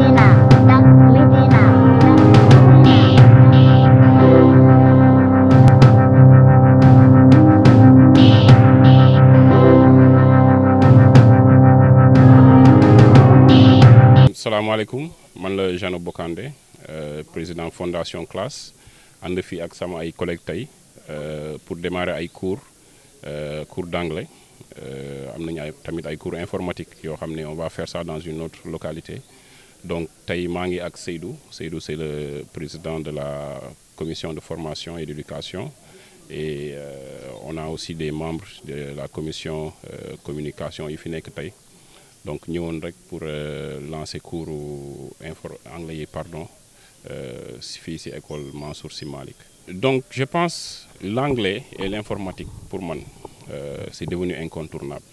Salam salaamaaleykum man la Jean euh, président fondation classe ànd fii ak sama ay collègues euh, pour démarrer ay cours euh, cours d'anglais Euh, nañu ay cours informatique. yoo on va faire ça dans une autre localité donc, Taïmangi avec Seydou. Seydou, c'est le président de la commission de formation et d'éducation. Et euh, on a aussi des membres de la commission de euh, communication IFINEC Taï. Donc, nous sommes pour euh, lancer cours anglais, pardon, euh, école Mansour Simalik. Donc, je pense l'anglais et l'informatique, pour moi, c'est devenu incontournable.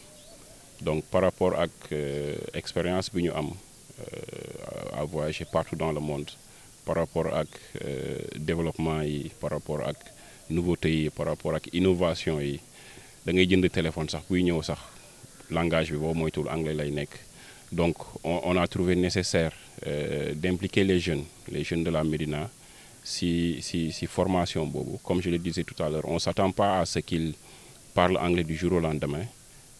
Donc, par rapport à l'expérience que nous avons, à voyager partout dans le monde par rapport à euh, développement par rapport à nouveauté par rapport à innovation et téléphone langage donc on a trouvé nécessaire euh, d'impliquer les jeunes les jeunes de la Médina si si formation comme je le disais tout à l'heure on s'attend pas à ce qu'ils parlent anglais du jour au lendemain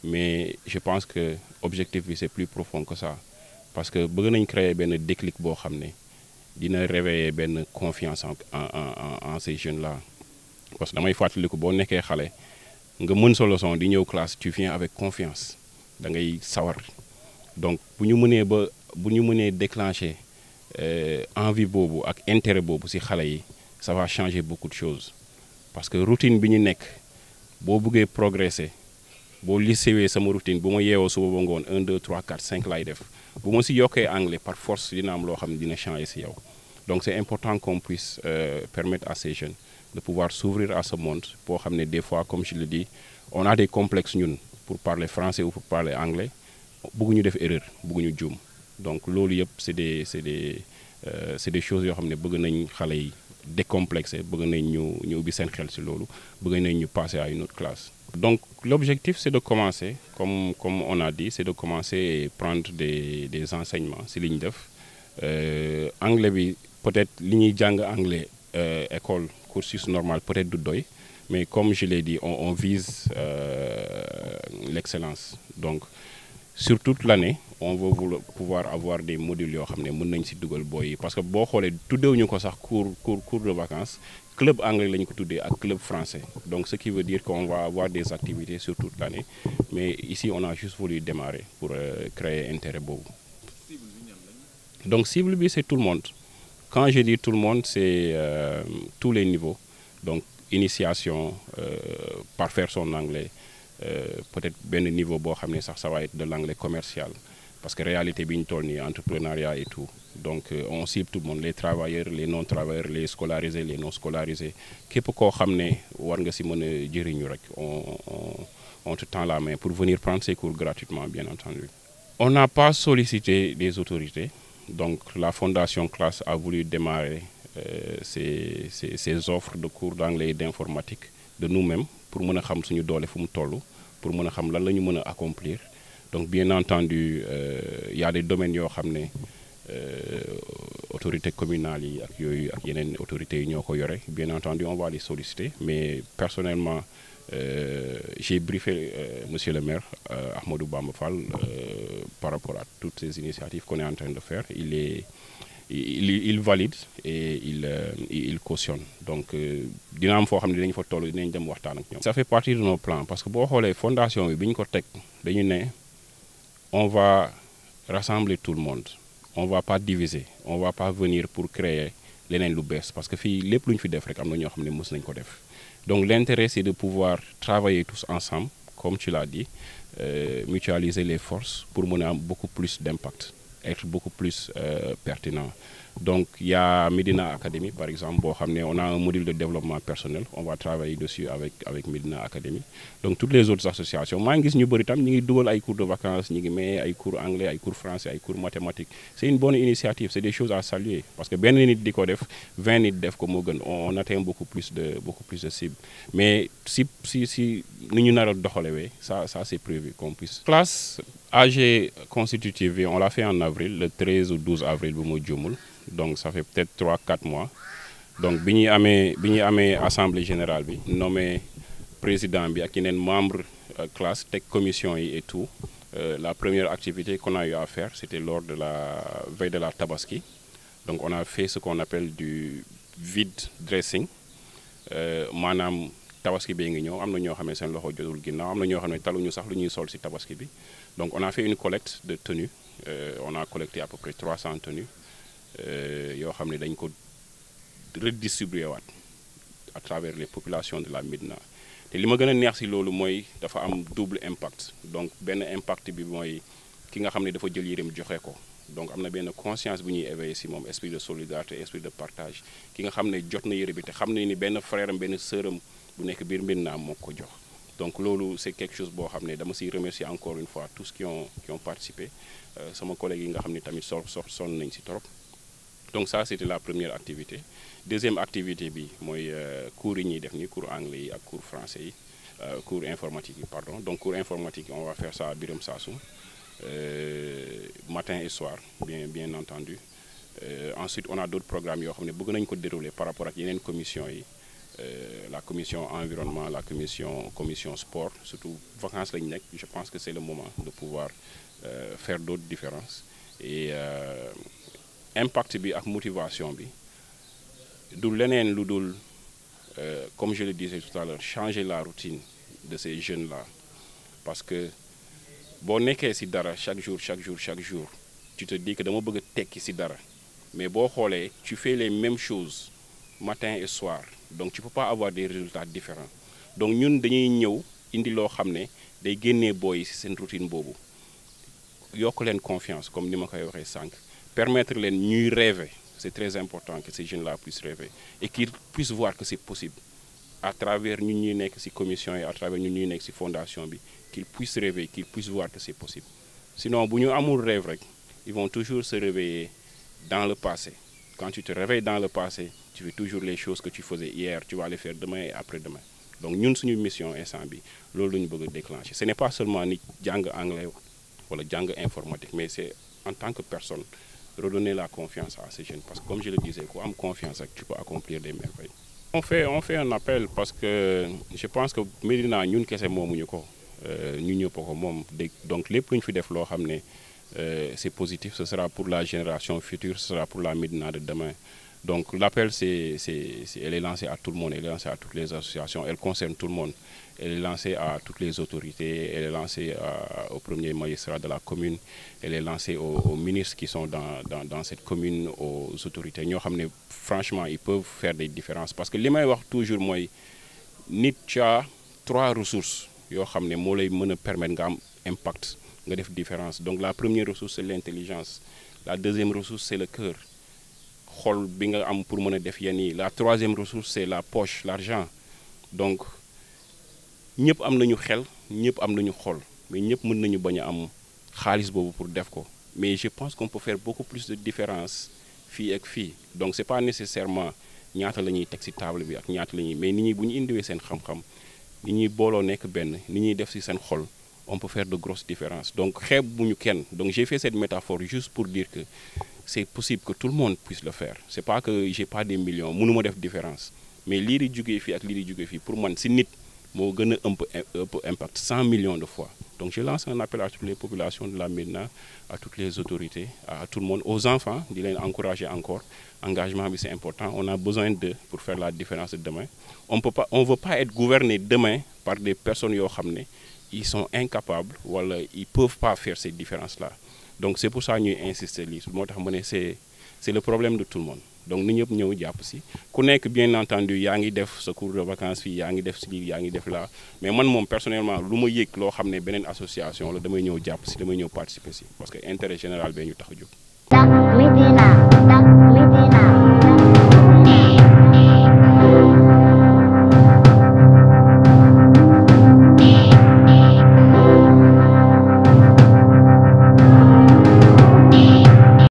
mais je pense que l'objectif c'est plus profond que ça parce que bëgg nañ créer benn déclic boo xam ne dina réveiller benn confiance en en en ces jeunes là parce que damay fàttaliku boo nekkee xale nga mën sa leçon di ñëw classe tu viens avec confiance da ngay sawar donc bu ñu mënee ba bu ñu mënee déclencher euh, envie boobu ak intérêt boobu ci xale yi ça va changer beaucoup de choses parce que routine bi ñu nekk boo bëggee progresser boo li sewee sama routine bu ma yeewoo suba ba 1 2 3 4 5 laay def je ma si yokkee anglais par force dina am loo xam dina changer si yow donc c'est important qu'on puisse euh, permettre à ces jeunes de pouvoir s'ouvrir à ce monde Pour xam des fois comme je le dis on a des complexes ñun pour parler français ou pour parler anglais bëgguñu def erreur bëgguñu juum donc loolu yëpp c'est des c'est des euh, c'est des choses que nous ne bëgg Nous xale yi décomplexé bëgg nañ ñu ñu xel bëgg ñu passer à une autre classe donc l'objectif, c'est de commencer, comme, comme on a dit, c'est de commencer et prendre des, des enseignements, c'est ligne euh, anglais, peut-être ligne anglais, euh, école, cursus normal, peut-être du Mais comme je l'ai dit, on, vise euh, l'excellence. Donc, sur toute l'année on va pouvoir avoir des modules yo xamné mën nañ ci parce que xolé on ko sax cours de vacances club anglais lañ ko ak club français donc ce qui veut dire qu'on va avoir des activités sur toute l'année mais ici on a juste voulu démarrer pour euh, créer intérêt beaucoup. donc cible c'est tout le monde quand je dis tout le monde c'est euh, tous les niveaux donc initiation euh, parfaire son anglais euh, peut-être le niveau bo xamné ça va être de l'anglais commercial parce que réalité biñ tournée, entrepreneuriat et tout donc euh, on cible tout le monde les travailleurs les non travailleurs les scolarisés les non scolarisés Qu'est-ce qu'on war nga jëriñu rek on te tend la main pour venir prendre ces cours gratuitement bien entendu on n'a pas sollicité les autorités donc la fondation classe a voulu démarrer euh, ses ces offres de cours d'anglais et d'informatique de nous-mêmes pour mën a xam suñu pour la accomplir donc bien entendu il euh, y a des domaines yoo xam ne euh, autorités communales yi ak autorités bien entendu on va les solliciter mais personnellement euh, j'ai briefé Monsieur le maire, Ahmadou par rapport à toutes ces initiatives qu'on est en train de faire. Il est il valide et il euh, cautionne donc euh, dina am ça fait partie de nos plans parce que si on fondation bi on va rassembler tout le monde on va pas diviser on va pas venir pour créer les lu parce que les plus donc l'intérêt c'est de pouvoir travailler tous ensemble comme tu l'as dit euh, mutualiser les forces pour avoir beaucoup plus d'impact être beaucoup plus euh, pertinent. Donc il y a Medina Academy par exemple, on a un module de développement personnel, on va travailler dessus avec, avec Medina Academy. Donc toutes les autres associations, moi je nous avons cours de vacances, des cours anglais, des cours français, des cours mathématiques. C'est une bonne initiative, c'est des choses à saluer parce que bien nit diko 20 nit on atteint beaucoup plus de beaucoup plus de cibles. Mais si si si ni ñu ça ça c'est prévu qu'on puisse classe AG constitutive on l'a fait en avril le 13 ou 12 avril donc ça fait peut-être 3 4 mois donc bi a assemblée générale bi nommé président bi ak un membre euh, classe la commission et tout euh, la première activité qu'on a eu à faire c'était lors de la veille de la Tabaski donc on a fait ce qu'on appelle du vide dressing euh, tabaski bi ngi ñëw am na ñoo xam seen loxo jotul ginnaaw am na ñoo xam ne taluñu sax lu ñuy sol si tabaski bi donc on a fait une collecte de tenues euh, on a collecté à peu près 300 tenues euh, yoo xam ne dañ ko redistribuer waat à travers les populations de la Médina te li ma gën a neex si loolu mooy dafa am double impact donc benn impact bi mooy ki nga xam ne dafa jël yéreem joxe ko donc am na benn conscience bu ñuy éveillé si moom esprit de solidarité esprit de partage ki nga xam ne jot na yére bi te xam ne ni benn frère am benn sœur bu nekk biir moo jox donc c'est quelque chose boo xam ne dama siy remercier encore une fois tous qui ont qui ont participé euh, Mon collègue yi nga xam ne tamit donc ça c'était la première activité deuxième activité bi mooy euh, cours yi cours anglais et ak cours français yi euh, cours informatique pardon donc cours informatique on va faire ça à birom Sassou matin et soir bien bien entendu ensuite on a d'autres programmes yoo xam ne bëgg nañ ko dérouler par rapport ak une commission euh, la commission environnement, la commission, commission sport, surtout vacances, je pense que c'est le moment de pouvoir euh, faire d'autres différences. Et euh, impact et la motivation comme je le disais tout à l'heure, changer la routine de ces jeunes-là. Parce que, bon, chaque jour, chaque jour, chaque jour, tu te dis que je veux être ici Mais bon, tu fais les mêmes choses matin et soir donc tu ne peux pas avoir des résultats différents donc nous, dañuy ñëw indi loo xam que day génnee booy si routine boobu yokk leen confiance comme nous l'avons koy Sank. permettre leen ñuy rêver c'est très important que ces jeunes-là puissent rêver et qu'ils puissent voir que c'est possible à travers ñun nous nekk ci commission et à travers ñun fondation qu'ils puissent rêver qu'ils puissent voir que c'est possible sinon bu ñu amul rêve ils vont toujours se réveiller dans le passé quand tu te réveilles dans le passé, tu veux toujours les choses que tu faisais hier, tu vas les faire demain et après-demain. Donc ñun suñu mission instant déclencher ce n'est pas seulement ni anglaise anglais wala jàng informatique mais c'est en tant que personne redonner la confiance à ces jeunes parce que comme je le disais ku confiance que tu peux accomplir des merveilles. on fait un appel parce que je pense que Medina, ñun kese moomuñu ko euh, ñu ñëpp ko donc le lu ñu fi def loo euh, c'est positif, ce sera pour la génération future, ce sera pour la Midna de demain. Donc l'appel, elle est lancée à tout le monde, elle est lancée à toutes les associations, elle concerne tout le monde. Elle est lancée à toutes les autorités, elle est lancée au premier magistrat de la commune, elle est lancée aux, ministres qui sont dans, cette commune, aux autorités. Nous, franchement, ils peuvent faire des différences. Parce que les mains toujours trois ressources qui permettent un impact nga def différence donc la première ressource c'est l'intelligence la deuxième ressource c'est le cœur xol bi nga am pour mën a def yenn yi la troisième ressource c'est la poche l'argent donc ñëpp am nañu xel ñëpp am nañu xol mais ñëpp mën nañu bañ a am xaalis boobu pour def ko mais je pense qu'on peut faire beaucoup plus de différence fii ak fii donc c'est pas nécessairement ñaata la ñuy teg ci table bi ak ñaata la ñuy mais nit ñi bu ñu indiwee seen xam-xam nit ñi booloo nekk benn nit ñuy def ci seen xol on peut faire de grosses différences. Donc, donc j'ai fait cette métaphore juste pour dire que c'est possible que tout le monde puisse le faire. Ce n'est pas que je n'ai pas des millions, je ne de différence. Mais l'iri du avec l'iri pour moi, c'est nit, un peu impact, 100 millions de fois. Donc je lance un appel à toutes les populations de la Médina, à toutes les autorités, à tout le monde, aux enfants, de les encourager encore. Engagement, c'est important. On a besoin d'eux pour faire la différence de demain. On ne veut pas être gouverné demain par des personnes qui ont ils sont incapables wala ils peuvent pas faire cette différence là donc c'est pour ça que nous insistons c'est le problème de tout le monde donc nous sommes ñëw jàpp aussi. ku que bien entendu il y a des cours de vacances il y a def si il y a def là mais man moom personnellement lu ma yëg loo je ne beneen association la damay ñëw jàpp si damay ñëw participer parce que l'intérêt général est ñu tax